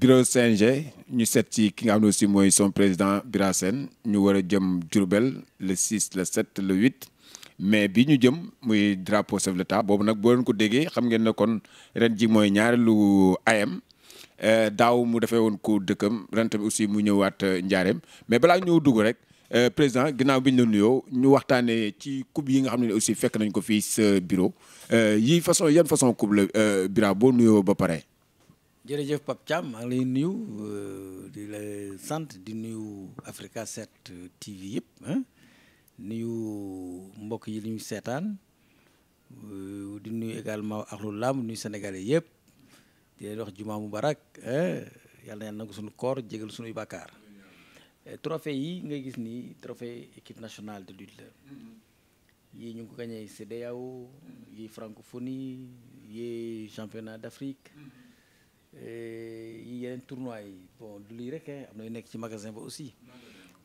bureau CNG ñu seet ci ki nga xam ne aussi mooy son président Bira ñu war a jëm Diourbel le 6 le 7 le 8 mais bi ñu jëm muy drapeau chef de l'État boobu nag boo leen ko déggee xam ngeen ne kon ren ji mooy ñaareelu ayam euh, daaw mu defee woon ko dëkkam ren tamit aussi mu ñëwaat euh, njaareem mais balaa ñëw dugg rek euh, président ginnaaw bi ñu la nuyoo ñu waxtaanee ci coupe yi nga xam ne aussi fekk nañ ko fii sa bureau yi façon yan façon coupe la Bira boo nuyoo ba pare. jërëjëf Pape Thiam maa ngi lay nuyu euh, di la sant di nuyu Africa 7 euh, TV yëpp nuyu mbokk yi li ñu seetaan euh, di nuyu également axlu lamb nuyu sénégalais yëpp di leen wax juma mubarak yàlla na nangu suñu koor jégal suñuy bàkkaar trophée yi ngay gis nii trophée équipe nationale de lutte la yii ñu ngi ko gagné CEDEAO francophonie yii championnat d'Afrique yi eh, yeneen tournois yi bon du lii rek am na yu nekk ci magasin ba aussi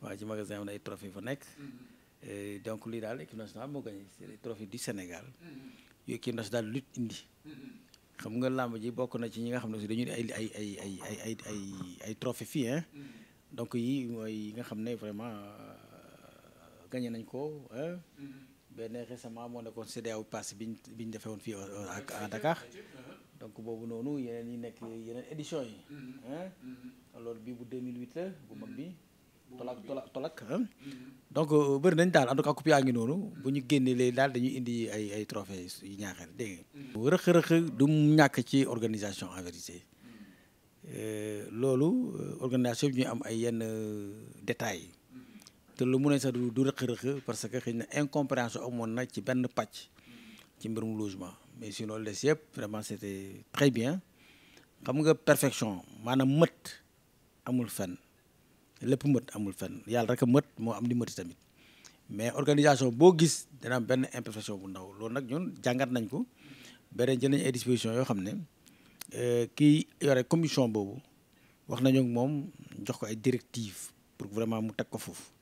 waaw ci magasin am na ay trophées fa nekk mm-hmm. eh, donc lii daal équipe nationale moo gagné c'est les trophées mm-hmm. indi mm-hmm. xam nga làmb ji bokk na ci ñi nga xam ne aussi dañuy ay ay ay ay ay ay ay ay trophées fii hein donc yi mooy nga xam ne vraiment euh, gagné nañ ko benn récemment moo nekkoon CEDEAO pass biñ biñ defee woon fii euh, à Dakar uh-huh. donc boobu noonu yeneen yi nekk yeneen édition yi. Mm-hmm. Mm-hmm. alors bii bu 2008 la bu mag bi. Mm-hmm. tolak tolak tolak donc euh, bëri nañ daal en tout cas ngi noonu bu ñu génnee léegi daal dañuy indi ay ay trophées yu ñaaxeel dégg nga. rëq-rëq du ñàkk ci organisation en vérité euh, loolu euh, organisation bi ñu am ay yenn détails te lu mu ne sax du rëq-rëq parce que xëy na incompréhension amoon nag ci benn pàcc ci mbirum logement. mais si sinon les yëpp vraiment c'était très bien xam nga perfection maanaam mët amul fenn lépp mët amul fenn yàlla rek a mët moo am di mëti tamit mais organisation boo gis dina benn imperfection bu ndaw loolu nag ñun jàngat nañ ko beneen jël nañ ay disposition yoo xam ne euh, kii yore commission boobu wax nañu moom jox ko ay directives pour vraiment mu teg ko foofu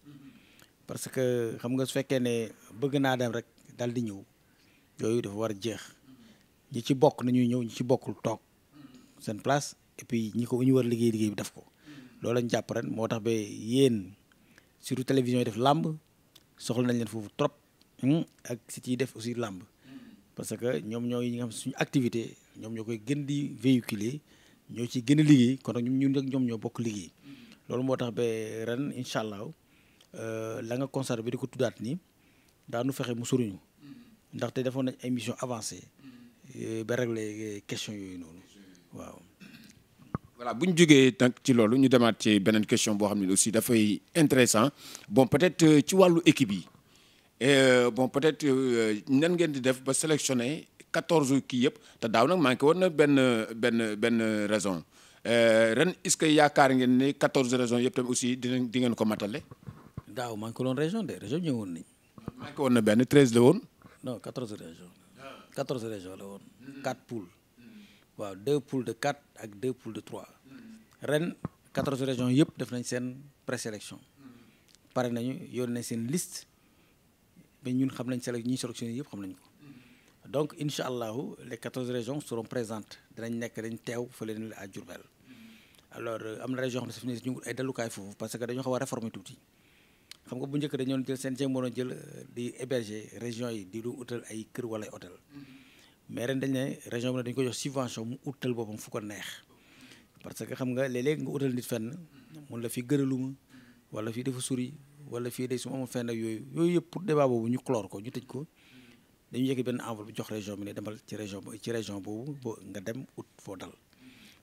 parce que xam nga su fekkee ne bëgg naa dem rek dal di ñëw yooyu dafa war a jeex ñi ci bokk nañuy ñëw ñi ci bokkul toog seen place et puis ñi ko ñu war liggéey liggéey bi def ko loolu lañ jàpp ren moo tax ba yéen surtout télévision yi def làmb soxla nañ leen foofu trop ak sites yi def aussi làmb parce que ñoom ñoo ñi nga xam suñu activité ñoom ñoo koy gën di véhiculer ñoo ci gën liggéey kon nag ñun rek ñoom ñoo bokk liggéey loolu moo tax ba ren incha allah euh, la nga concert bi di ko tuddaat ni daanu fexe mu soriñu ndaxte defoon nañ ay Euh, ba régler euh, question yooyu noonu waaw. voilà bu ñu jógee nag ci loolu ñu demaat ci beneen question boo xam ne aussi dafay intéressant bon peut-être euh, ci wàllu équipe yi bon peut-être nan ngeen di def ba sélectionner quatorze kii yëpp te daaw nag manqué woon na benn benn benn raison ren est-ce que yaakaar ngeen ne quatorze raison yëpp tamit aussi dinañ di ngeen ko matale. daaw manqué woon raison de raison ñëwoon nañ. manqué woon na benn treize la woon. non quatorze raisons. quatorze régions la woon quatre poules waaw deux poules de quatre ak deux poule de trois ren quatorze régions yëpp def nañ seen présélection pare nañu yoon nañ seen liste mais ñun xam nañ sele ñuy sélectionné yëpp xam nañ ko donc incha allahu les quatorze régions seront présentes danañ nekk dañ teew fële ni la à Diourbel alors am na région xam ne ñu ngi ay dellukaay foofu parce que dañoo xaw a réformer tuuti xam nga bu njëkk dañoo jël CNG moo doon jël euh, di héberger région yi di lu utal ay kër wala ay hôtel mm-hmm. mais ren dañ ne région bi dañ ko jox subvention mu utal boppam fu ko neex parce que xam nga léeg-léeg nga utal nit fenn mun la fi gëraluma wala fii dafa suri wala fii day su ma amoon fenn yooyu yooyu yëpp pour débat boobu ñu clore ko ñu tëj ko dañu yëkk benn enveloppe bi jox région bi ne demal ci région ci région boobu ba nga dem ut foo dal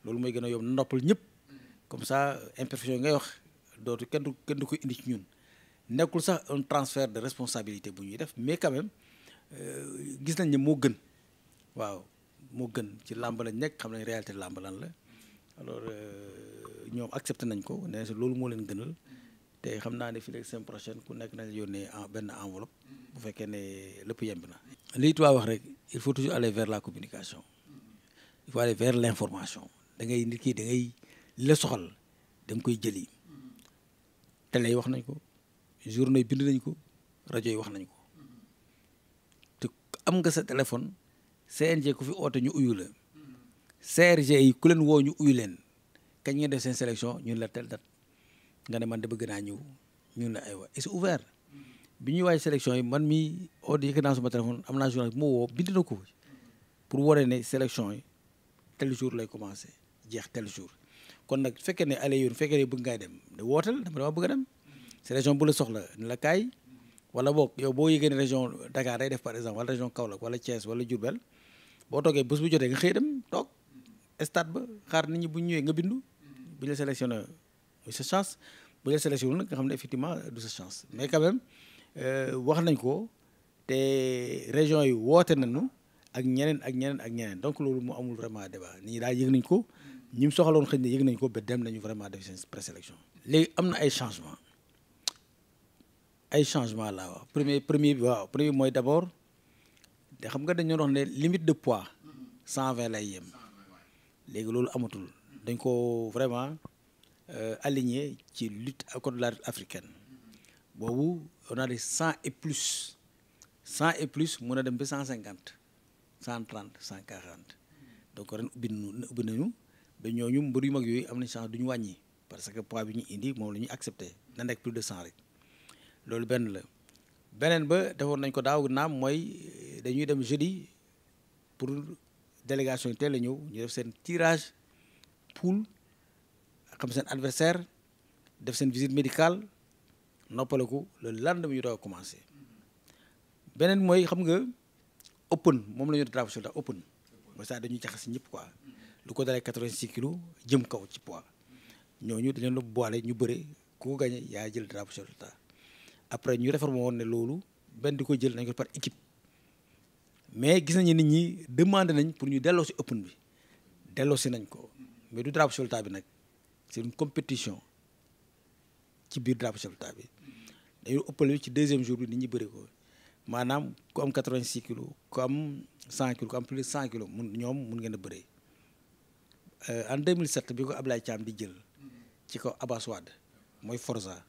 loolu mooy gën a yomb noppal ñëpp comme ça imperfection yi ngay wax dootu kenn du kenn indi ci ñun nekkul sax un transfert de responsabilité bu ñuy def mais quand même euh, gis nañ ni moo gën waaw moo gën ci làmb lañ nekk xam nañ réalité làmb la alors euh, ñoom accepté nañ ko nee loolu moo leen gënal te xam naa ne fii rek semaine prochaine ku nekk nañ yónnee benn enveloppe bu fekkee ne lépp yemb na. lii tubaab wax rek il faut toujours aller vers la communication il faut aller vers l' information da ngay nit ki da ngay li la soxal da nga koy jëli te lay wax nañ ko. journaux yi bind nañ ko rajo yi wax nañ ko te am nga sa téléphone CNG ku fi oote ñu uyu la CRG yi ku leen woo ñu uyu leen kañ ngeen def seen sélection ñun la tel date nga ne man de bëgg naa ñëw ñun la aywa et c'est ouvert bi ñuy waaj sélection yi man mii oote yëkkat naa sama téléphone am naa journal bi moo woo bind na ko pour waree ne sélection yi tel jour lay commencé jeex tel jour kon nag fekkee ne allé yoon fekkee ne bëgg ngaa dem de wootal dama dama bëgg a dem si région bu la soxla ni la kaay wala book yow boo yëgee ne région Dakar day def par exemple wala région Kaolack wala Thiès wala Diourbel boo toogee bés bu jotee nga xëy dem toog stade ba xaar nit ñi bu ñëwee nga bindu bu ñu la sélectionné muy sa chance bu ñu la sélectionné nga xam ne effectivement du sa chance mais quand même euh, wax nañ ko te région yi woote nañu ak ñeneen ak ñeneen ak ñeneen donc loolu mu amul vraiment débat nit ñi daal yëg nañ ko ñi mu soxaloon xëy na yëg nañ ko ba dem nañu vraiment def seen présélection léegi am na ay changement ay changement la waaw premier premier bi waaw premier mooy d'abord te xam nga dañoo wax ne limite de pois cent vingt lay yem léegi loolu amatul dañ ko vraiment euh, aligné ci lutte contre la africaine boobu on a des cent et plus cent et plus mun a dem ba cent cinquante cent trente cent quarante donc ren ubbi nañu ubbi nañu ba ñooñu mbër yu mag yooyu am na chance duñu wàññi parce que pois bi ñu indi moom la ñuy accepté na nekk plus de cent rek. loolu benn la beneen ba defoon nañ ko daaw naam mooy eh, dañuy dem jedi pour délégation yi teel a ñëw ñu def seen tirage poule xam seen adversaire def seen visite médicale noppaleku le lendemain ñu doog a commencé beneen mooy xam nga open moom la ñu drapeau soldat open mooy ça dañuy jaxas ñëpp quoi lu ko dalee quatre vingt kilos jëm kaw ci ñoo ñooñu dañu la boole ñu bëre ku ko gagné yaa jël drapeau soldat après ñu réformer woon ne loolu benn di ko jël nañ ko par équipe mais gis nañu nit ñi demandé nañ pour ñu delloo si open bi delloo si nañ ko mais du drapeau soldat bi nag c'est compétition ci biir drapeau bi dañu open bi ci deuxième jour bi nit ñi bëri ko maanaam ku am 86 kilos ku am 100 kilos ku am plus de 100 kilos mun ñoom mun ngeen a bëree euh, en mille 2007 bi ko ab Ablaye Thiam di jël ci ko Abbas mooy Forza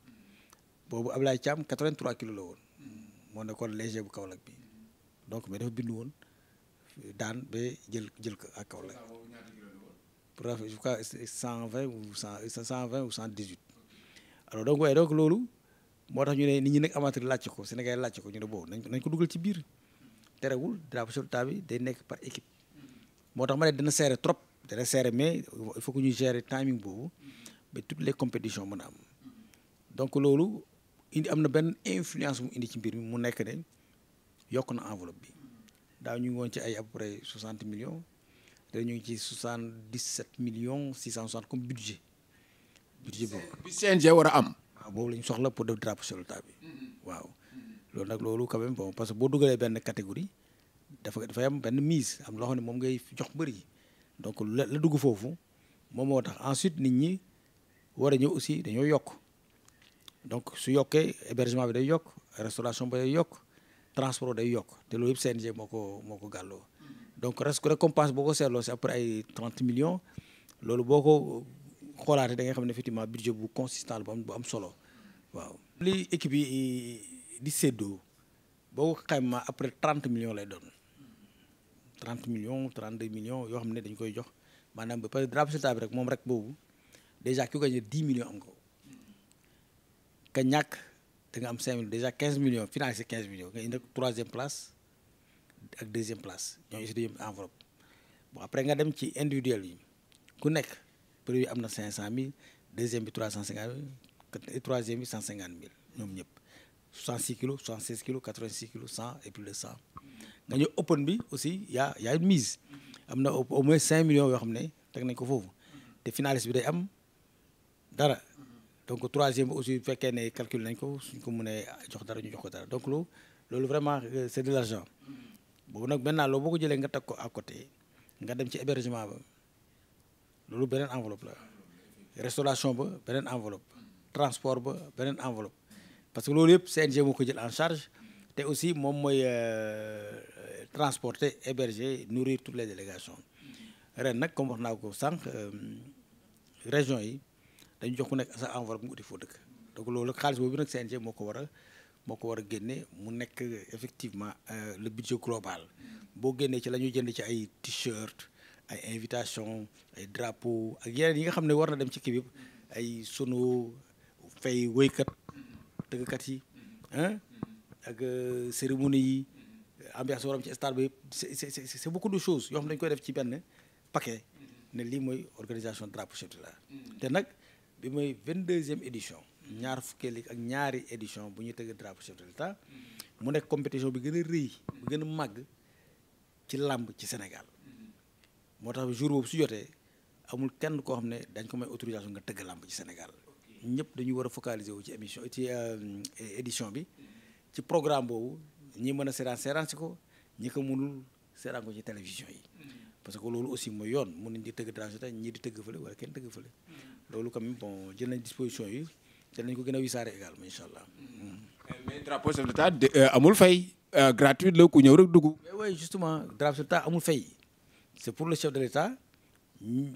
boobu Ablaye Thiam 83 kilos la woon moo nekkoon léger bu Kaolack bi donc mais dafa bindu woon daan ba jël jël ko ak Kaolack pour en tout cas 120 ou 100 120 ou 118 alors donc waaye donc loolu moo tax ñu ne nit ñi nag amateur laajte ko Sénégal laajte ko ñu ne boobu nañ ko dugal ci biir terewul drapeau sur table bi day nekk par équipe moo tax ma ne dina serré trop dina serré mais il faut que ñu gérer timing boobu ba toutes les compétitions mën a am donc loolu. indi am na benn influence mu indi ci mbir mi mu nekk ne yokk na enveloppe bi daa ñu ngi woon ci ay à peu près soixante millions te ñu ngi ci soixante dix sept millions six cent soixante comme budget budget boobu bi CNG war a am ah, boobu la ñu soxla pour def drapeau sur le table bi waaw loolu nag loolu quand même bon parce que boo dugalee benn catégorie dafa dafay am benn mise am loo xam ne moom ngay jox bëri yi donc la dugg foofu moom moo tax ensuite nit ñi war a ñëw aussi dañoo yokk donc su yokkee hébergement bi day yokk restauration bi day yokk transport day yokk te loolu yëpp CNG moo ko moo ko gàlloo donc reste récompense boo ko seetloo c'est après ay trente millions loolu boo ko xoolaatee da xam ne effectivement budget bu consistant bu am bu am solo waaw. li équipe yi di séddoo boo ko xayma après trente millions lay doon trente millions trente deux millions yoo xam ne dañ koy jox maanaam ba pare drapeau bi rek moom rek boobu déjà ki ko gagné dix am ko. ka ñàkk da nga am cinq millions déjà quinze millions financé quinze millions nga indi troisième place ak deuxième place ñooñu si dañu enveloppe après nga dem ci individuel yi ku nekk premier bi am na cinq cent mille deuxième bi trois cent cinquante mille troisième bi cent cinquante mille ñoom ñëpp soixante six kilos soixante seize kilos quatre vingt six kilos cent et plus de cent nga ñëw open bi aussi ya a une mise am na au moins cinq millions yoo xam ne teg nañ ko foofu te finaliste bi day am dara donc troisième aussi bu fekkee ne calcul nañ ko suñ ko mënee jox dara ñu jox ko dara donc lu loolu vraiment euh, c'est de l'argent boobu nag maintenant loolu boo ko jëlee nga teg ko à côté nga dem ci hébergement ba loolu beneen enveloppe la restauration ba beneen enveloppe transport ba beneen enveloppe parce que loolu yëpp CNG moo ko jël en charge te aussi moom mooy euh, transporter héberger nourrir toutes les délégations ren nag comme wax naa ko sànq euh, région yi dañu jox ku nekk sa enveloppe mu uti foo dëkk donc loolu xaalis boobu nag CNG moo ko war a moo ko war a génne mu nekk effectivement euh, le budget global boo génnee ci la ñuy jënd ci ay t-shirt ay invitation ay drapeau ak yeneen yi nga xam ne war na dem ci kii bi ay sunu fay woykat tëggkat yi ah ak euh, cérémonie yi ambiance waram ci stade bi c'est c'est c'est beaucoup de choses yoo xam dañ koy def ci benn paquet ne lii mooy organisation drapeau chef de l'État te nag bi mooy vingt deuxième édition ñaar fukkee fukkeeli ak ñaari édition bu ñu tëgg drapeau chef de l'État mu nekk compétition bi gën a rëy bi gën a màgg ci làmb ci Sénégal moo tax jour boobu su jotee amul kenn koo xam ne dañ ko may autorisation nga tëgg làmb ci Sénégal ñëpp dañu war a focaliser wu ci émission ci euh, édition bi ci programme boobu ñii mën a seeraan seeraan ko ñi ko mënul seeraan ko ci télévision yi parce que loolu aussi mooy yoon mën nañ di tëgg transitaire ñii di tëgg fële wala kenn hmm. loolu quand même bon jël nañ yi te nañ ko gën a wisaare également incha allah. Hmm. Euh, amul fay euh, gratuite la ñëw rek dugg. mais oui justement amul fay c' pour le chef de l' état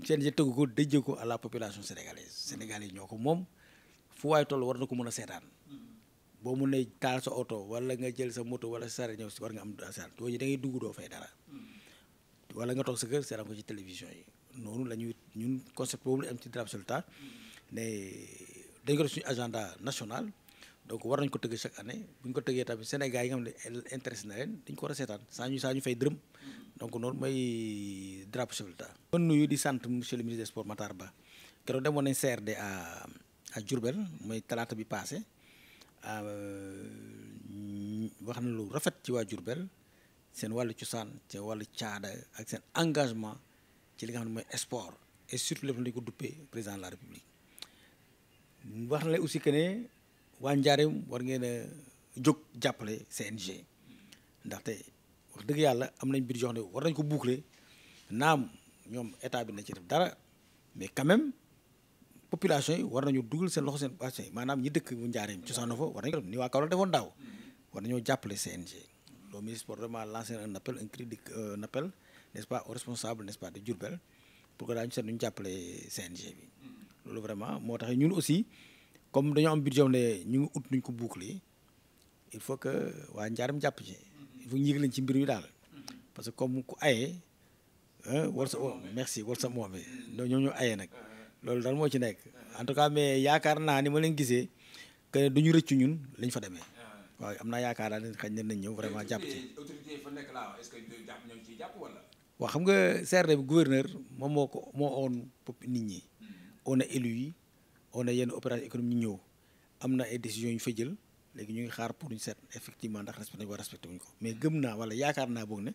seen je ko dëjee la population sénégalaise sénégalais ñoo ko moom fu waaye toll war na ko mën a seetaan. Hmm. boo mun ne taal sa oto wala nga jël sa moto wala sa saret ñëw si war nga am dara saa yoo da ngay dugg doo fay dara. wala nga toog sa kër seetaan ko ci télévision yi noonu la ñuy ñun concept boobu la am ci Dira Sultan ne dañ ko suñu agenda national donc war nañ ko tëgg chaque année bu ko tëggee tamit Sénégal yi nga xam ne intéressé na leen dañ ko war a seetaan saa ñu saa ñu fay dërëm donc noonu mooy Dira Sultan mën nuyu di sant monsieur le ministre des sports Matar Ba keroog demoon nañ CRD à à Diourbel mooy talaata bi passé euh, wax na lu rafet ci waa Diourbel seen wàllu cosaan seen wàllu caada ak seen engagement ci li nga xam ne mooy sport et surtout lépp dañu ko duppee président de la république wax na la aussi que ne waa Njaareem war ngeen a jóg jàppale CNG ndaxte wax dëgg yàlla am nañ biir jox ne war nañ ko boucler naam ñoom état bi na ci def dara mais quand même population yi war nañu dugal seen loxo seen population yi maanaam ñi dëkk bu Njaareem cosaanoo fa war nañu ko def ni waa war nañoo jàppale CNG. le ministre pour vraiment lancer un appel un cri un appel n'est-ce pas aux responsables n'est-ce pas de Diourbel pour que daañu seet nu ñu jàppale CNG bi. loolu vraiment moo tax ñun aussi comme dañoo am budget ne ñu ut nuñ ko li il faut que waa njaaram jàpp ci. il faut ñu yëg ci mbir mi daal. parce que comme ku aye war sa oo merci war sa moome donc ñoo ñu aye nag loolu daal moo ci nekk en tout cas mais yaakaar naa ni ma leen gisee que du ñu rëccu ñun lañ fa demee. waaw am naa yaakaar daal xëy na nañ ñëw vraiment jàpp ci. autorité que jàpp ñoo ciy jàpp xam nga CRD bi gouverneur moom moo ko moo oon pop nit ñi. Hmm. on a élu yi on a yenn opération économique ñu ñëw am na ay décisions yu fa jël léegi ñu ngi xaar pour ñu set effectivement ndax respecté nañu ko respecté wuñ ko mais gëm naa wala yaakaar naa boog ne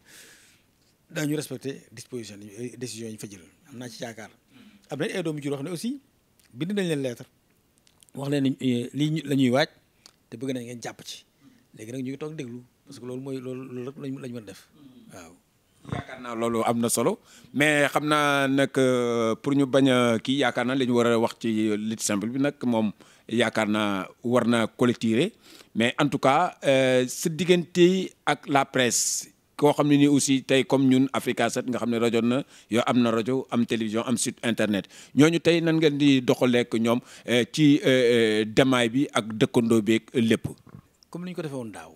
daañu respecté disposition décisions yi ñu fa jël am naa ci yaakaar. Hmm. am nañ ay doomu jur wax ne aussi bind nañ leen lettre wax leen ni eh, lii la ñuy waaj te bëgg nañ ngeen jàpp ci. léegi nag ñu toog déglu parce que loolu mooy loolu loolu rek lañ lañ mën def hmm. waaw. yaakaar naa loolu am na solo mais xam naa nag euh, pour ñu bañ a kii yaakaar naa lañu war a wax ci lit simple bi nag moom yaakaar naa war na collecter mais en tout cas euh, sa diggante ak la presse. koo xam ne ni aussi tey comme ñun Africa 7 nga xam ne rajo na yow am na rajo am télévision am site internet ñooñu tey nan ngeen di doxaleek ñoom euh, ci demaay bi ak dëkkandoo beeg lépp. comme ni ñu ko defee woon daaw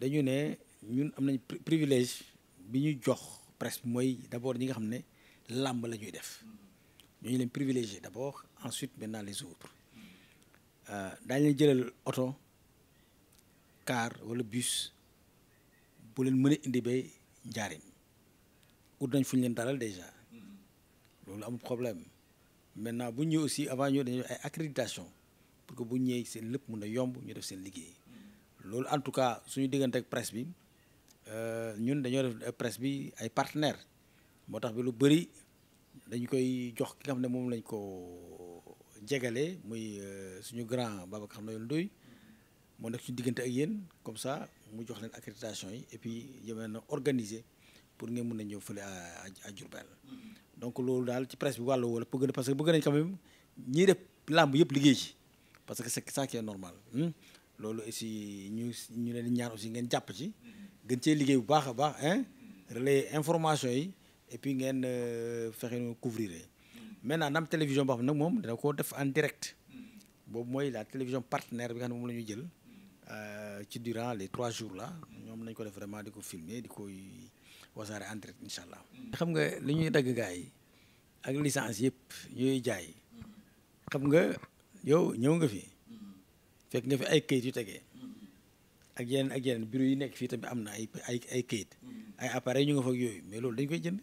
dañu ne ñun am nañ privilège bi ñu jox presse mooy d'abord ñi nga xam ne làmb la ñuy def ñooñu leen privilégié d'abord ensuite maintenant les autres euh, daañu leen jëlal oto car wala bus bu leen mën a indi ba njaariñ ut nañ fu ñu leen dalal déjà mm-hmm. loolu amul problème maintenant bu ñu aussi avant ñoo dañu ay accréditation pour que bu ñëwee seen lépp mun na yomb ñu def seen liggéey loolu en tout cas suñu diggante ak presse bi euh, ñun dañoo def euh, presse bi ay partenaire moo tax bi lu bëri dañ koy jox ki nga xam ne moom lañ ko jegale muy euh, suñu grand Babacar Noël Ndoye moo nekk suñu diggante ak yéen comme ça mu jox leen accréditation yi et puis yéen na organiser pour ngeen mun a ñëw fële à Diourbel donc loolu daal ci presse bi wàllu wala pour gën a parce que bëgg nañ quand même ñiy làmb yëpp liggéey ci parce que c'est ça qui normal hmm? loolu aussi ñu ñu leen di ñaan aussi ngeen jàpp ci gën cee liggéey bu baax a baax hein relayer information yi et puis ngeen euh, fexe nu couvrir maintenant na am télévision boo nag moom dana ko def en direct boobu mooy la télévision partenaire bi nga xam la ñu jël euh, ci durant les trois jours là ñoom nañ ko def vraiment di ko filmer di koy wasaare allah. xam nga li ñuy dagg ngay yi ak licence yëpp ñuy jaay xam nga. yow ñëw nga fi fekk nga fi ay kayit yu tegee ak yeneen ak yeneen bureau yu nekk fii tamit am na ay ay ay kayit ay appareil ñu nga fa yooyu mais loolu dañ koy jënd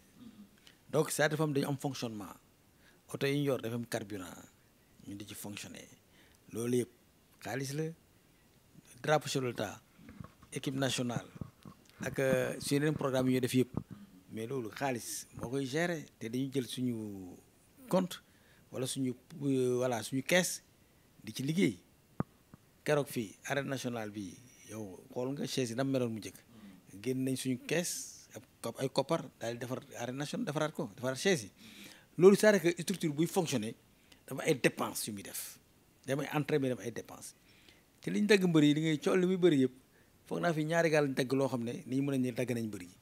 donc ça dafa am dañu am fonctionnement oto yi ñu yor dafa am carburant di ci fonctionner loolu yëpp xaalis la drapeau sur équipe nationale ak euh, suñu yeneen programme yi def yëpp mais loolu xaalis moo koy gere te dañu jël suñu compte wala suñu euh, voilà suñu caisse di ci liggéey keroog fii arène nationale bi yow xool nga chaise yi dam meloon mu njëkk génn nañ suñu kees ay koppar daal defar arène nationale defaraat ko defaraat chaise yi loolu c'est que structure buy fonctionner dafa ay dépense yu muy def damay entraîner def ay dépense te liñ dagg mbër yi li ngay cool li muy bëri yëpp foog naa fi ñaari gaal lañ dagg loo xam ne ni ñu mën a dagg nañ mbër yi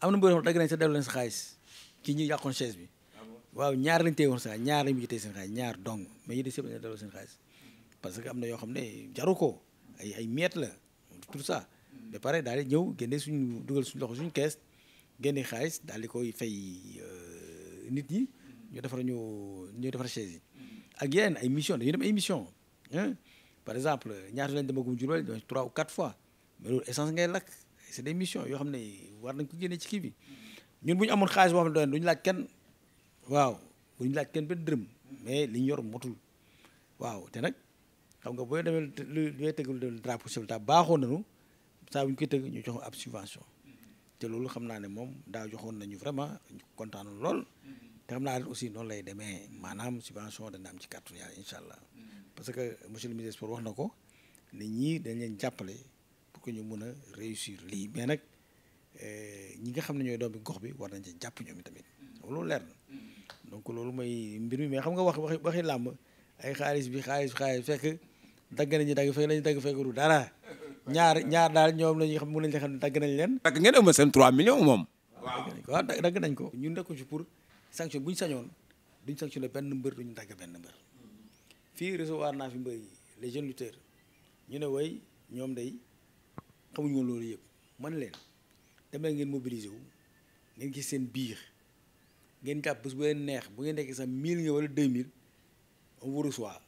am na mbër yoo dagg nañ sa dellu sa xaalis ki ñuy yàqoon chaise bi waaw ñaar lañ téye woon sa ñaar lañ mujj téye seen xaalis ñaar dong mais yi des yëpp dañu delloo seen xaalis parce que am na yoo xam ne jaru ko ay ay la tout ça. de pare daal di ñëw génne suñu dugal suñu loxo suñ kees génne xaalis daal di koy fay euh, nit ñi ñu defar ñu ñu defar chaise ak yeneen ay mission dañuy dem ay mission par exemple ñaata lañ demagum Diourbel donc trois ou quatre fois mais essence ngay lakk c'est des missions yoo xam ne war nañ ko génne ci kii bi ñun bu ñu amoon xaalis boo xam waaw bu ñu laaj kenn benn dërëm mais li ñu yor motul waaw te nag xam nga booy demee lu lu tëggal drapeau chef de l'État baaxoon nañu saa bu ñu koy tëgg ñu jox ab subvention te loolu xam naa ne moom daaw joxoon nañu vraiment kontaanoon lool. te naa ne aussi noonu lay demee maanaam subvention dana am ci kàttu yàlla incha allah parce que monsieur le ministre sport wax na ko nit ñi dañ leen jàppale pour que ñu mun a réussir lii mais nag euh, ñi nga xam ne ñooy doomi gox bi war nañ ci jàpp ñoom tamit loolu leer na. donc loolu mooy mbir mi mais xam nga wax waxi waxi làmb ay xaalis bi xaalis bi xaalis fekk dagg nañu dagg fekk lañu dagg fekk du dara ñaar ñaar daal ñoom la ñuy xam mën nañu xam ne dagg nañ leen. dagg ngeen am seen 3 millions moom. waaw waaw nañ ko ñun nekkuñ ci pour sanction bu ñu sañoon duñ sanctionné benn mbër duñu dagg benn mbër. fii recevoir naa fi les jeunes lutteurs ñu ne way ñoom day xamuñu woon loolu yëpp man leen demee ngeen mobiliser wu ngeen gis seen biir. ngeen jàpp bu leen neex bu ngeen nekkee sax mille nga wala deux mille on vous reçoit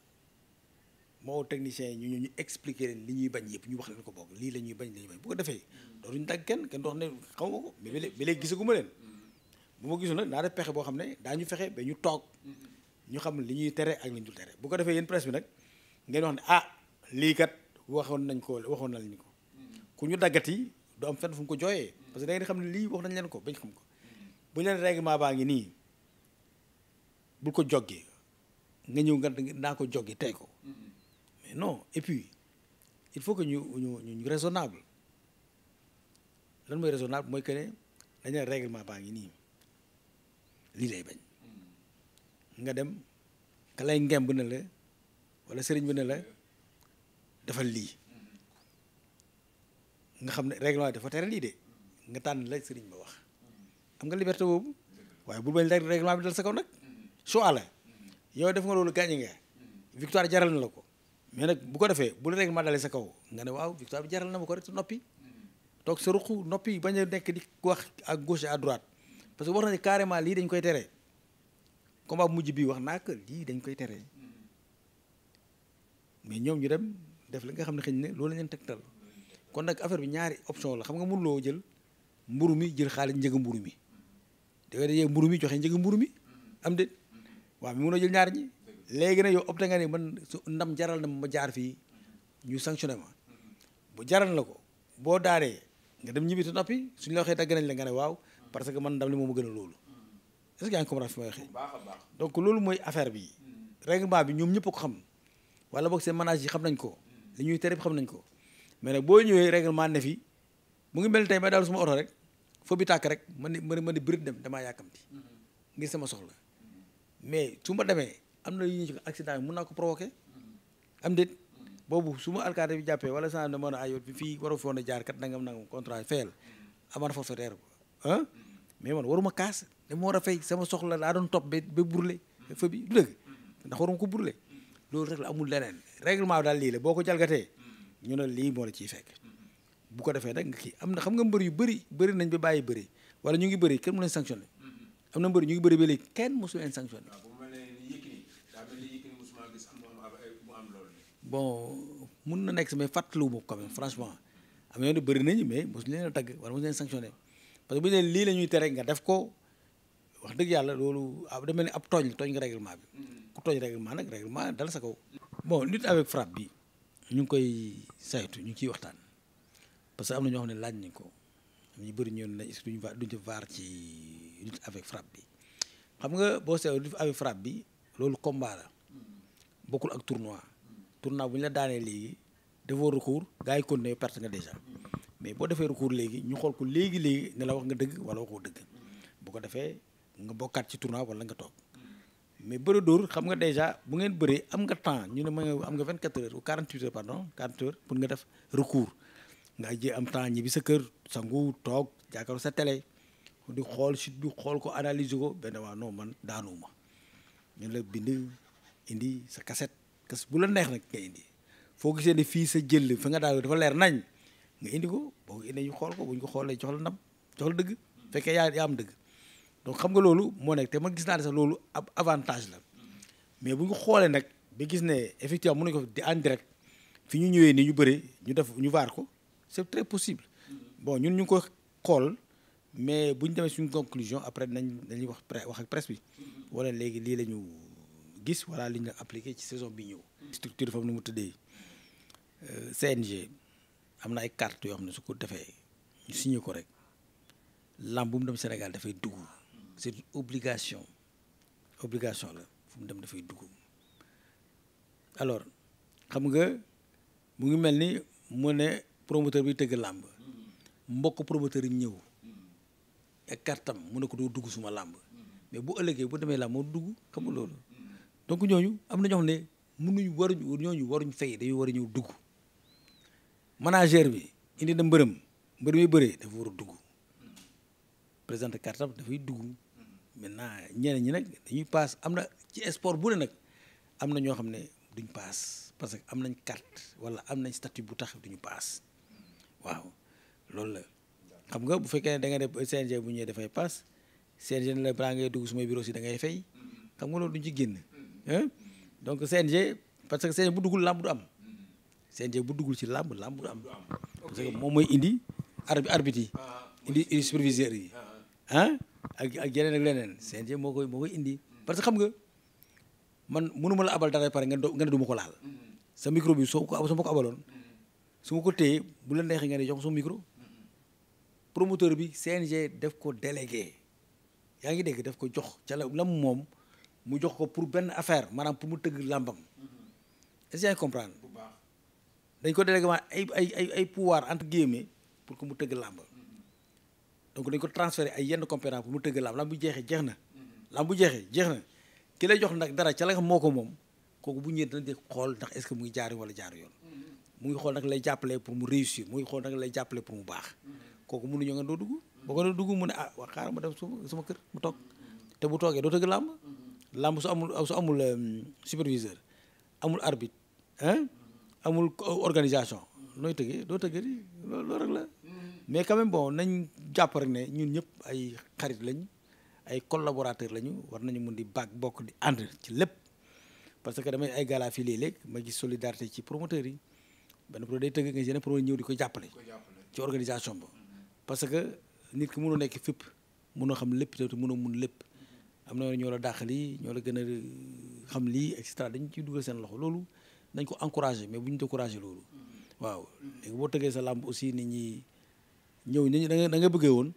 moo technicien yi ñu ñu expliquer leen li ñuy bañ yëpp ñu wax leen ko bokk lii la ñuy bañ li ñuy bañ bu ko defee dootuñu dagg kenn kenn dox ne xaw ma ko mais ba léegi ma leen bu ma gisul nag naa def pexe boo xam ne daañu fexe ba ñu toog ñu xam li ñuy tere ak li ñu dul tere bu ko defee yéen presse bi nag ngeen wax ne ah lii kat waxoon nañ ko waxoon nañ ko ku ñu daggati du am fenn fu ko jooyee parce que da ngeen xam ne lii wax nañ leen ko bañ xam ko bu leen règlement baa ngi nii bul ko joggi nga ñëw nga naa ko joggi tey ko mais non et puis il faut que ñu ñu ñu raisonnable lan mooy raisonnable mooy que ne dañu règlement baa ngi nii lii lay bañ nga dem ka lay ngemb na la wala sëriñ bi ne la dafa lii nga xam ne règlement dafa lii de nga tànn la sëriñ ba wax xam nga liberté boobu waaye bu bañ règlement bi dal sa kaw nag choix la yow def nga loolu gaañi nga victoire jaral na la ko mais nag bu ko defee bu la règlement dalee sa kaw nga ne waaw victoire bi jaral na ma ko rek noppi toog sa ruq noppi bañ a nekk di wax ak gauche à droite parce que wax na ne carrément lii dañ koy tere combat bu mujj bii wax naa ko lii dañ koy tere mais ñoom ñu dem def la nga xam ne xëy ne loolu la ñu tegtal kon nag affaire bi ñaari option la xam nga mënuloo jël mburu mi jël xaalis njëgu mburu mi da nga mburu mi joxe njëg mburu mi am déet waaw mi mun a jël ñaar ñi léegi nag yow opte nga ne man su ndam jaral na ma jaar fii ñu sanctionné ma bu jaral la ko boo daaree nga dem ñibbi te noppi suñu la waxee dagg nañ la nga ne waaw parce que man ndam li moom a gën a loolu est ce que yaa ngi comprendre fi may waxee donc loolu mooy affaire bi règlement bi ñoom ñëpp ko xam wala boog seen manage yi xam nañ ko li ñuy tere xam nañ ko mais nag boo ñëwee règlement ne fi mu ngi mel tey may suma oto rek foo bi tàkk rek man ni man ni birit dem damaa yàkkamti ngir sama soxla mais su ma demee am na yu ñu ci accident yi mun naa ko provoqué am déet boobu su bi jàppee wala saa ne mën a bi fii waru foon a jaar kat nangam nangam contrat fayal amana forfaitaire ko ah mais man waruma kaas dama war a fay sama soxla laa doon topp ba ba burle fa du dëgg ndax waruma ko burle loolu rek la amul leneen règlement daal lii la boo ko jalgatee ñu ne lii moo la ciy fekk bu ko defee rek nga kii am na xam nga mbër yu bëri bëri nañ bi bàyyi bëri wala ñu ngi bëri kenn mu leen mm-hmm. am na mbër ñu ngi bëri ba léegi kenn mosu leen sanctionné bon mun na nekk mais fàttaliwu ma quand même franchement na yoon bëri nañu mais mosu leen a tagg mosu leen sanctionné parce que bu ñu leen lii la tere nga def ko wax dëgg yàlla loolu ah mel ne ab tooñ la tooñ nga règlement bi mm-hmm. ku tooñ règlement nag règlement dal sa kaw. bon lutte avec frappe bi ñu ngi koy saytu ñu ngi ciy waxtaan. parce que am na ñoo xam ne laaj nañ ko ñu bëri ñoo ne est-ce que duñ va duñ ci vaar ci lutte avec frappe bi xam nga boo seetloo lutte avec frappe bi loolu combat la bokkul ak tournoi tournoi bu ñu la daanee léegi defoo recours gars yi continué perte nga déjà mais boo defee recours léegi ñu xool ko léegi léegi ne la wax nga dëgg wala waxoo dëgg bu ko defee nga bokkat ci tournoi wala nga toog mais bëri dóor xam nga déjà bu ngeen bëree am nga temps ñu ne ma am nga 24 heures ou 48 nga def recours. nga ji am temps ñibbi sa kër sa sangu toog jàkkaarloo sa télé di xool si du xool ko analyser ko benn waa non man daanuwuma ñu la bind indi sa kaset kas bu la neex na nga indi foo gisee ne fii sa jël fi nga daal dafa leer nañ nga indi ko boo indee ñu xool ko bu ñu ko xoolee jox la ndam jox dëgg fekkee yaa yaa am dëgg donc xam nga loolu moo nekk te ma gis naa ne sax loolu ab avantage la mais bu ñu xoolee nag bi gis ne effectivement mën nañu di en direct fi ñu ñëwee nii ñu bëri ñu def ñu vaar ko c'est très possible bon ñun ñu ko xool mais bu ñu demee suñu conclusion après nañ dañuy wax wax ak presse wala léegi lii lañu gis wala li ñu appliqué ci saison bi ñëw. structure foofu nu mu tëddee euh, CNG am na ay carte yoo xam ne su ko defee ñu ko rek lamb bu mu dem Sénégal dafay dugg c'est une obligation obligation la fu mu dem dafay dugg alors xam nga mu ngi mel ni mu ne. promoteur bi tëgg làmb mbokk promoteur yi ñëw ak kartam mun ne ko doo dugg suma làmb mais bu ëllëgee bu demee làmb moo dugg xam nga loolu donc ñooñu am na ñoo xam ne mënuñ waruñ ñu waruñ fay dañu war a ñëw dugg manager bi indi na mbërëm mbërëm yi bëree dafa war a dugg présenté kartam dafay dugg maintenant ñeneen ñi nag dañuy paas am na ci sport bu ne nag am na ñoo xam ne duñ paas parce que am nañ carte wala am nañ statut bu tax duñu paas waaw loolu la xam nga bu fekkee ne da nga bu ñëwee dafay pass CNG ne la balaa ngay dugg suma bureau si da ngay fay xam nga loolu du ñu ci génn donc CNG parce que CNG bu duggul làmb am CNG bu duggul ci làmb làmb du am parce que moom mooy indi arbi arbitre yi indi indi superviseurs yi ah ak ak yeneen leneen CNG moo koy moo indi parce que xam nga man mënuma la abal dara pare nga nga ne du ko laal sa micro bi soo ko soo ma ko abaloon su ma ko téye bu la neexee nga ne jox ma sama micro promoteur bi CNG def ko délégué yaa ngi dégg def ko jox ca la lam moom mu jox ko pour benn affaire maanaam pour mu tëgg làmbam est-ce que ko délégué ma ay ay ay ay pouvoir entre guillemets pour que mu tëgg làmb donc dañ ko transféré ay yenn compétence pour mu tëgg làmb làmb bu jeexee jeex na làmb bu jeexee jeex na ki lay jox nag dara ca la nga moo ko moom kooku bu ñëwee dana dégg xool ndax est-ce que mu ngi jaar wala jaar yoon mu ngi xool nag lay jàppale pour mu réussir mu ngi xool nag lay jàppale pour mu baax kooku mënuñu nga doo dugg boo ko doo dugg mu ne ah waa xaaral ma dem suma kër mu toog te bu toogee doo tëgg làmb làmb amul su amul euh, superviseur amul arbitre hein amul organisation nooy tëggee doo di loolu rek la mais quand même bon nañ jàpp rek ne ñun ñëpp ay xarit lañ ay collaborateur lañu war nañu mun di baag bokk di ànd ci lépp parce que damay ay gala fii léeg-léeg ma gis solidarité ci promoteurs yi benn pro day tëgg nga yeneen pro ñëw di ko jàppale ci organisation ba parce que nit ki mënoo nekk fépp mënoo xam lépp te mënoo mun lépp am na ñoo la dàq lii ñoo la gën a euh, xam lii et cetera dañ ciy dugal seen loxo loolu nañ ko encouragé mais bu ñu découragé loolu mm-hmm. waaw léegi boo tëggee sa làmb aussi nit ñi ñëw nañ ñu nga da nga bëggee woon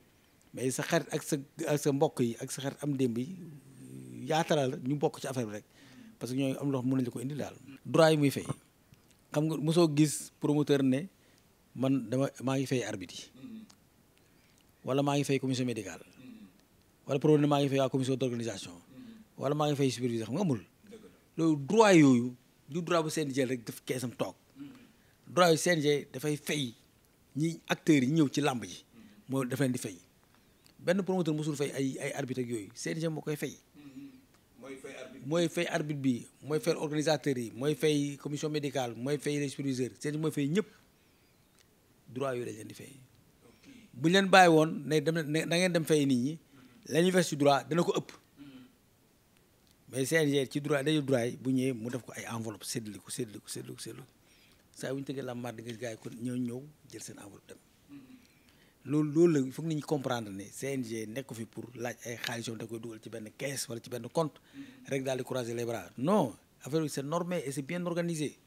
mais sa xarit ak sa sa mbokk yi ak sa xarit am démb yi yaatalal ñu mbokk ci affaire bi rek parce que ñooy am loo mun mën nañ ko indi daal droit yi muy fay xam nga mosoo gis promoteur ne man dama maa ngi fay arbitre yi wala maa ngi fay commission médicale wala problème maa ngi fay waa commission d'organisation wala maa ngi fay superviseur xam nga mul loolu droit yooyu du droit bu CNG rek def sam toog droit yu CNG dafay fay ñi acteurs yi ñëw ci làmb yi moo daf di fay benn promoteur mosul fay ay ay arbitre ak yooyu CNG moo koy fay mooy fay arbitre bi mooy fay organisateur yi mooy fay commission médicale mooy fay les superviseurs seen mooy fay ñëpp droit yooyu dañ leen di fay bu leen bàyyi woon ne dem na ngeen dem fay nit ñi la ñuy fes ci droit dana ko ëpp mm-hmm. mais CNG ci droit dañu droit yi bu ñëwee mu def ko ay enveloppe séddale ko séddale ko séddale ko séddale ko saa tëggee la mar di nga gars yi ñëw ñëw jël seen enveloppe dem loolu loolu la il faut que nit comprendre ne CNG nekk fi pour laaj ay xaalis yoo da koy dugal ci benn caisse wala ci benn compte rek daal di croiser les non affaire bi c'est normé et c'est bien organisé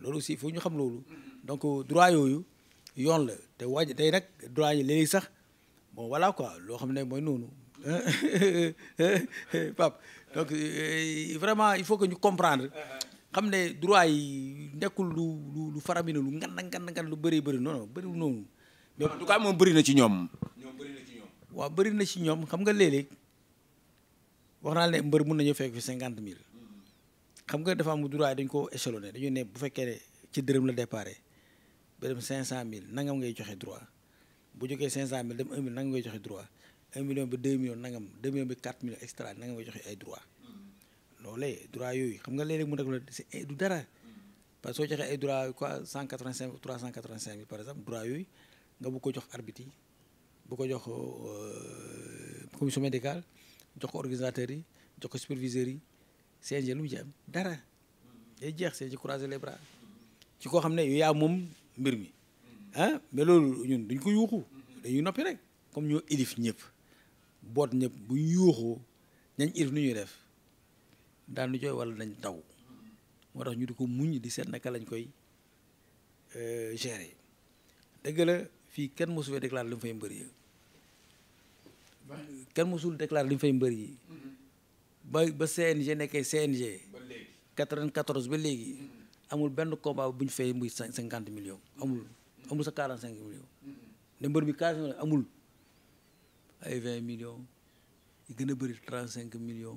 loolu aussi il faut ñu xam loolu donc euh, droit yooyu yoon la te waaj tey nag droit yi léegi sax bon voilà quoi loo xam ne mooy noonu Pape euh, il faut que ñu comprendre xam ne droit yi nekkul lu lu lu faramine lu ngan ngan ngan lu bëri bëri non non bëriwul noonu. mais en tout cas moom bëri na ci ñoom. ñoom bëri ci ñoom. waaw bëri na ci ñoom xam nga léeg wax naa ne mbër mun nañu fekk fi cinquante mille. xam nga dafa am droit dañ ko échelonné dañu ne bu fekkee ne ci dërëm la départ ba dem cinq cent mille nangam ngay joxe droit bu jógee cinq cent mille dem un million nangam ngay joxe droit un million bi deux millions nangam deux millions bi quatre millions extra nangam ngay joxe ay droit loolee droit yooyu xam nga léeg mu nekk la c'est du dara parce que soo joxee ay droit quoi cent quatre vingt cinq trois cent quatre nga bu ko jox arbitre yi bu ko jox euh, commission médicale jox ko organisateurs yi jox ko superviseurs yi CNG lu mu ci am dara day jeex c'est ci croiser les ci koo xam ne yaa moom mbir mi ah mais ñun dañ ko yuuxu dañuy noppi rek comme ñoo ilif ñëpp boot ñëpp bu ñu yuuxoo ñañ ilif nu ñuy def daan nu jooy wala nañ daw moo tax ñu di ko muñ di seet naka lañ koy euh, gérer dëgg fii kenn mosu fee déclaré li mu fay mbër yi kenn mosul déclaré li mu fay mbër yi ba mm-hmm. ba CNG nekkee CNG. ba léegi 94 ba léegi. Mm-hmm. amul benn combat bu ñu fay muy cinquante millions amul mm-hmm. amul sa quarante cinq millions. ne bi quarante amul ay vingt millions gën a bëri trente cinq million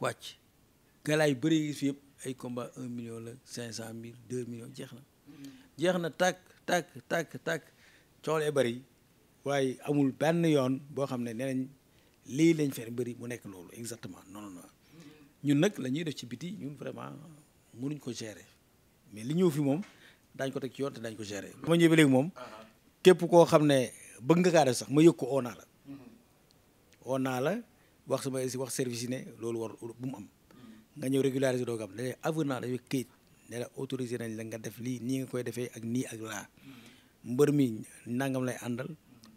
wàcc. galaay bëri yi fii yëpp ay combat un million la cinq cent mille deux millions jeex na. jeex na tàkk tàkk tàkk tàkk coolee bari waaye amul benn yoon boo xam ne nee lii lañ feen bëri mu nekk loolu exactement non non non ñun nag la ñuy def ci biti ñun vraiment mënuñ ko gérer mais li ñëw fi moom daañ ko teg ci yoon te daañ ko gérer. ma ñëwee léegi moom képp koo xam ne bëgg nga kaa def sax ma yëg ko oo naa la mm-hmm. oo naa la wax sama wax service yi ne loolu war bu mu am nga ñëw régulariser doo ko am da ngay aveu naa la ne la autorisé nañ la nga def lii nii nga koy defee ak nii ak laa mbër mi nangam lay àndal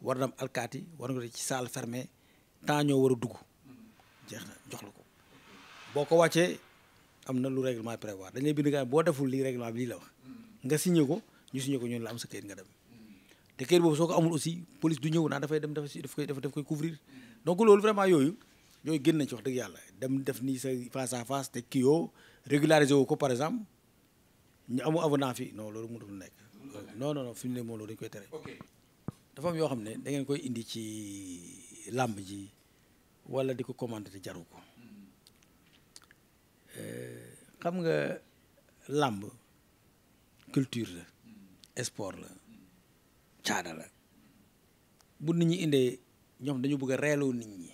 war na am alkaati war nga ci salle fermée temps ñoo war a dugg jeex jox la ko boo ko wàccee am na lu règlement prévoir dañ gaa boo deful lii règlement bi lii la wax nga signé ko ñu signé ko ñun am sa kayit nga dem te kayit boobu soo ko amul aussi police du ñëw naa dafay dem dafa si daf koy daf koy couvrir donc loolu vraiment yooyu yooyu génn ci wax dëgg yàlla dem def nii sa face à face te kii yoo régulariser wu ko par exemple ñu amu avenant fii non loolu mënatul nekk non non non fi mu ne moom loolu dañu koy tere dafa am yoo xam ne da ngeen koy indi ci làmb ji wala di ko commandé te jaru ko euh, xam nga làmb culture la sport la caada la bu nit ñi indee ñoom dañu bëgg a reeloo nit ñi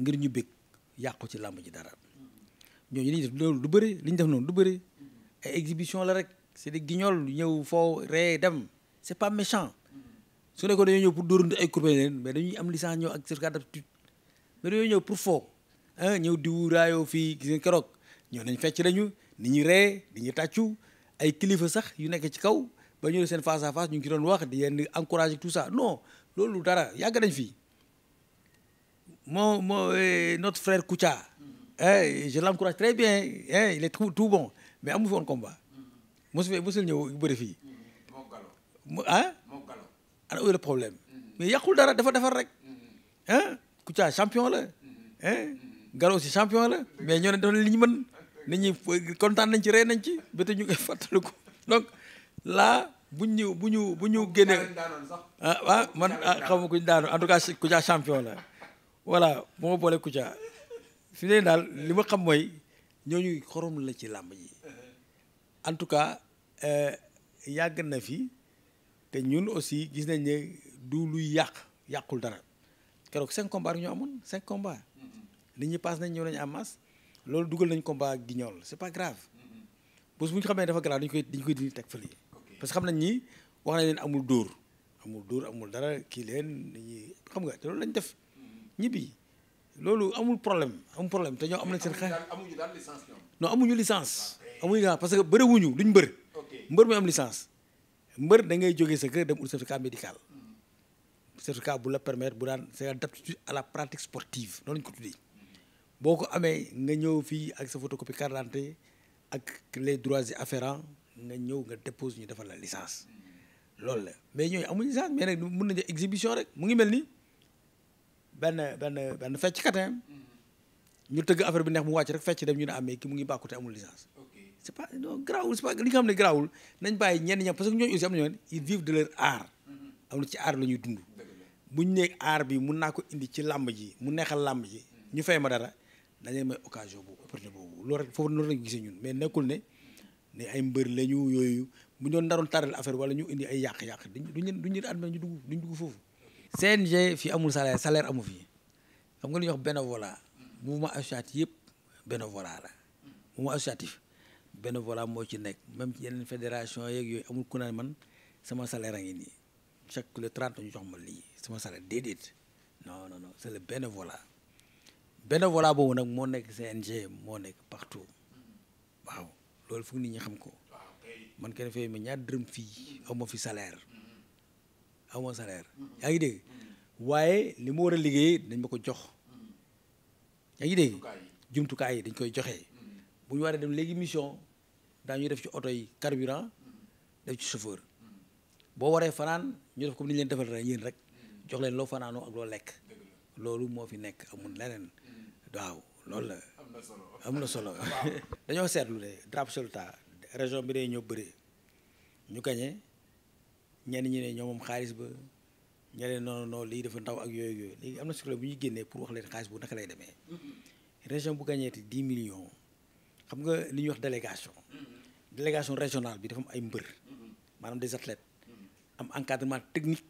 ngir ñu bëgg yàqu ci làmb ji dara ñooñu li ñu def loolu du bëri li ñu def noonu du bëri ay exhibition la rek c'est des guignols ñëw foo ree dem c'est pas méchant su nekkoon dañoo ñëw pour dóorandi ay courbe leen mais dañuy am licence ñëw ak certificat d'aptitude mais dañoo ñëw pour foo ñëw diwu raayoo fii gis keroog ñëw nañ fecc nañu ni ñu ree di ñu tàccu ay kilifa sax yu nekk ci kaw ba ñu seen face à face ñu ngi ci doon wax di leen encourager tout ça non loolu dara yàgg nañ fii moo moo eh, notre frère Koutia je l'encourage très bien il est tout tout bon mais amu fi woon combat. mosu fee mosul ñëw bëri fii. moo ah. moo galo ana où problème. mais yàqul dara dafa defar rek. ah Kouthia champion la. ah Galo aussi champion la. mais ñoo ne dafa li ñu man nit ñi kontaan nañ ci rey nañ ci ba te ñu koy fàttaliku donc là bu ñu bu ñu bu ñu génnee. Ah, ah man ah xaw ma ku ñu daanoon en tout cas Kouthia champion la. voilà bu ma boolee Kouthia fi ne daal li ma xam mooy ñooñu xorom la ci làmb yi. en tout cas euh, yàgg na fi te ñun aussi gis nañ ne du luy yàq yàqul dara keroog cinq combats rek ñoo amoon cinq combats nit ñi paas nañ ñëw nañu en masse loolu dugal nañ combat Guignol c'est pas grave bés bu ñu xamee dafa grave dañ koy dañ koy dindi teg fële parce que xam nañ ni wax nañ leen amul dóor amul dóor amul dara kii leen nit xam nga te loolu lañ def mm-hmm. ñibbi loolu amul problème amul problème te ñoo am nañ seen xeex non amuñu licence amuñu licence parce que bëri wuñu duñ mbër mbër mi am licence mbër da ngay jógee sa kër dem ut certificat médical hmm. certificat bu la permettre bu daan c'est d'aptitude à la pratique sportive noonu lañ ko tuddee boo ko amee nga ñëw fii ak sa photocopie carte d'identité ak les droits afférents nga ñëw nga dépose ñu defal la licence hmm. loolu la mais ñooñu amuñu licence mais nag mun nañu exhibition rek mu ngi mel ni benn benn benn fecc katin mm-hmm. ñu tëgg affaire bi neex mu wàcc rek fecc dem ñu ne amee ah, ki mu ngi bàkku te amul licence c'est pas non grawul c'est pas li nga xam ne grawul nañ bàyyi ñenn ñam parce que ñoo ils vivent de leur art mm-hmm. am na ci la ñuy dund buñ ne art bi mun naa ko indi ci làmb ji mu neexal làmb ji mm-hmm. ñu fay ma dara dañuy may occasion boobu opportunité boobu loolu rek foofu noonu lañ ñun mais nekkul ne ne ay mbër lañu yooyu bu ñu doon naroon taral affaire wala ñu indi ay yàq-yàq duñ leen duñ leen admettre ñu dugg duñ dugg foofu CNG fii amul salaire salaire amu fi xam nga lu ñuy wax bénévolat mouvement associatif yëpp bénévolat la mouvement associatif bénévolat moo ci nekk même ci yenn fédération yeeg yooyu amul ku ne man sama salaire a ngi nii chaque le trente ñu jox ma lii sama salaire déedéet non non non c'est le bénévolat bénévolat boobu nag moo nekk CNG moo nekk partout waaw loolu foog nit ñi xam ko man kenn fee ma ñaar dërëm fii aw fi salaire. awma salaire yaa ngi dégg waaye li mu war a liggéey dañ ma ko jox yaa ngi dégg jumtukaay yi dañ koy joxe bu ñu waree dem léegi mission daañu def ci oto yi carburant def ci chauffeur boo waree fanaan ñu def comme ni ñu leen defal rek rek jox leen loo fanaanoo ak loo lekk loolu moo fi nekk amul leneen waaw loolu la am na solo dañoo seetlu de drap solta région bi day ñoo bëri ñu gañe ñenn ñi ne ñoo moom xaalis ba ñeneen noonu noonu lii dafa ndaw ak yooyu yooyu léegi am na psychologue bu ñu génnee pour wax leen xaalis bu naka lay demee mm-hmm. région bu gagneeti dix million xam nga li ñuy wax délégation mm-hmm. délégation régional bi dafa am ay mbër mm-hmm. maanaam des athlètes am encadrement technique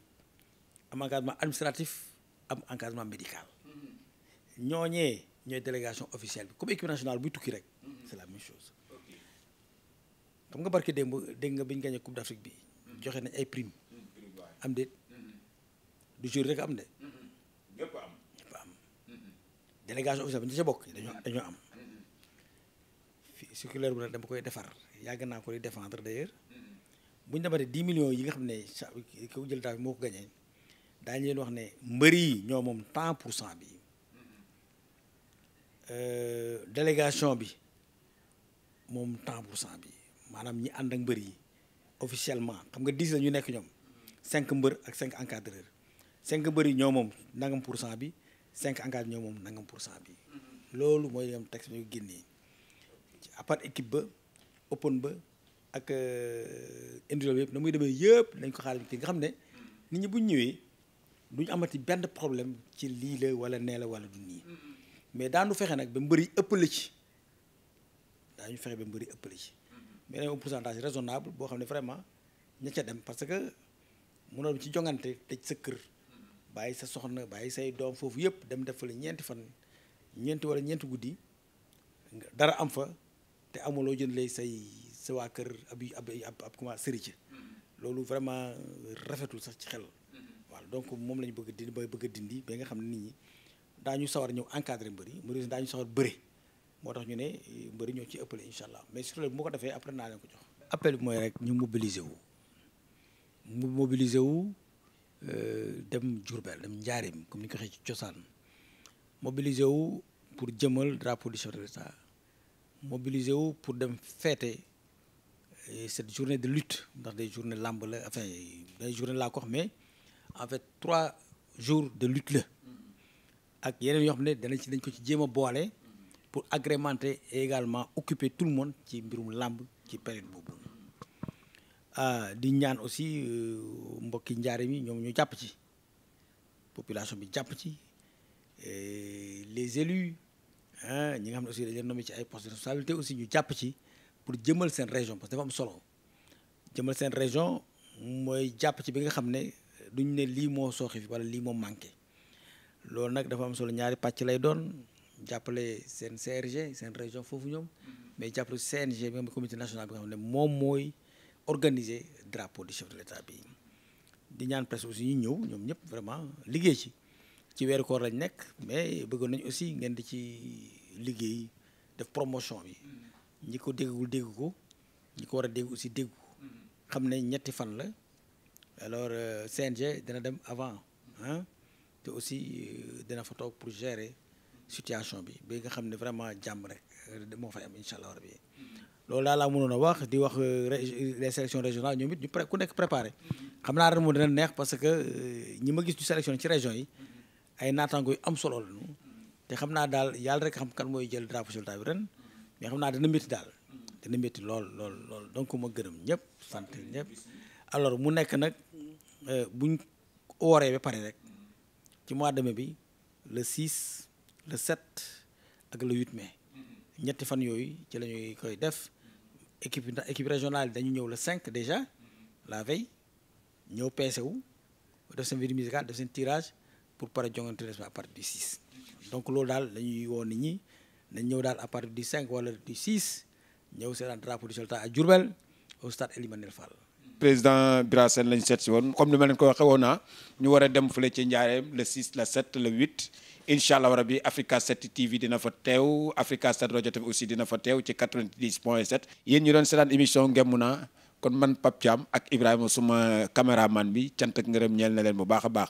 am encadrement administratif am encadrement médical ñooñee ñooy délégation officielle bi comme équipe nationale buy tukki rek c'est xam nga barke démb dégg nga bi ñu gagné coupe d'Afrique bi joxe nañ ay prime am déet du jour rek am de ñëpp am ñëpp am délégation officielle bi ñu ca bokk dañoo dañoo am fi circulaire bu nag dama koy defar yàgg naa ko di défendre d'ailleurs bu ñu dematee dix millions yi nga xam ne sa ko jël daal moo ko gañee daañu ñeen wax ne mbër yi ñoo moom temps pour cent bi euh, délégation bi moom tant pour cent bi maanaam ñi ànd ak mbër yi officiellement xam nga dix la ñu nekk ñoom cinq mbër ak cinq encadreur cinq mbër ñoo moom nangam pour cent bi cinq encadreur ñoo moom nangam pour cent bi loolu mooy dem texte bi ñu génnee ci à part équipe ba open ba ak euh, individuel bi yëpp na muy demee yëpp nañ ko xaaral ki nga xam ne nit ñi buñ ñëwee du ñu amati benn problème ci lii la wala nee la wala du nii mm-hmm. mais daanu fexe nag ba mbër ëpp la ci daañu fexe ba mbër yi ëpp la ci. mais un pourcentage raisonnable boo xam ne vraiment ña ca dem parce que mënoo ci jongante tëj sa kër bàyyi sa soxna bàyyi say doom foofu yëpp dem def fa la ñeenti fan ñeenti wala ñeenti guddi dara am fa te amuloo jënd lay say sa waa kër ab ab ab ab comment sëriñ loolu vraiment rafetul sax ci xel. waaw donc moom la bëgg a dindi ba bëgg a dindi ba nga xam ne nit ñi daa daañu sawar ñëw encadré mbëri mu daañu sawar bëre. moo tax ñu ne euh, mbëri ñoo ci ëppale incha allah mais surtout bu ma ko defee après naa leen ko jox. appel mooy rek ñu mobiliser wu mu mobiliser wu euh, dem Diourbel dem Njaarim comme ni ko waxee ci cosaan mobiliser wu pour jëmal drapeau du chef mobiliser wu pour dem fêter euh, cette journée de lutte ndax des journées làmb la enfin des journées laa ko wax mais en fait trois jours de lutte la ak yeneen yoo xam ne danañ ci dañ ko ci jéem a boole. pour agrémenter et également occuper tout le monde ci mbirum làmb ci période boobu ah, di ñaan aussi euh, mbokki njaare mi ñoom ñu jàpp ci population bi jàpp ci les élu ah ñi nga xam ne aussi dañ leen nommé ci ay postes de responsabilité aussi ñu jàpp ci pour jëmal seen région parce solo jëmal seen région mooy jàpp ci bi nga xam ne duñ ne lii moo sooxe fi wala lii moo manqué loolu nag dafa am solo ñaari pàcc lay doon jàppale seen CRG seen région foofu ñoom mais jàppale CNG même comité national bi nga xam ne moom mooy organiser drapeau du chef de l'état bi di ñaan presse aussi ñu ñëw ñoom ñëpp vraiment liggéey ci ci weeru koor lañ nekk mais bëggoon nañu aussi ngeen di ci liggéey def promotion bi ñi ko déggul dégg ko ñu ko war a dégg aussi dégg ko xam ne ñetti fan la alors euh, CNG dina dem avant ah te aussi euh, dina fa toog pour gérer situation bi bi nga xam ne vraiment jàmm rek euh, moo fay am incha allah rabi loolu daal laa mënoon wax di wax euh, les sélections régionales ñoom it ñu ku nekk préparé xam naa ren moom dana neex parce que euh, ñi ma gis ñu sélection ci région yi ay naataango yu am solo lañu te xam naa daal yàlla rek xam kan mooy jël drapeau sultan bi ren mais xam naa dana métti daal dana métti lool lool lool donc ma gërëm ñëpp sant ñëpp alors mu nekk nag buñ wooree ba pare rek ci mois de mai bi le 6 le 7 ak le 8 mai ñetti fan yooyu ci la ñuy koy def équipe équipe régionale dañu ñëw le 5 déjà la veille ñëw peese wu def seen vidéo musicale def seen tirage pour pare jongante à partir du 6. donc loolu daal la ñuy woo nit ñi nañ ñëw daal à partir du 5 wala du 6 ñëw seetaan drapeau du Sholta à Diourbel au stade Ely Manel Fall. président Bira Sène lañ si woon comme ni ma leen ko waxee woon naa ah, ñu war a dem fële ci Njaareem le 6 le 7 le 8. incha allah rabi Africa 7 TV dina fa teew Africa 7 rajo aussi dina fa teew ci 90 point 7 yéen ñu doon seetaan émission ngemm naa kon man Pape Thiam ak Ibrahima suma caméraman bi cant ak ngërëm ñeel na leen bu baax a baax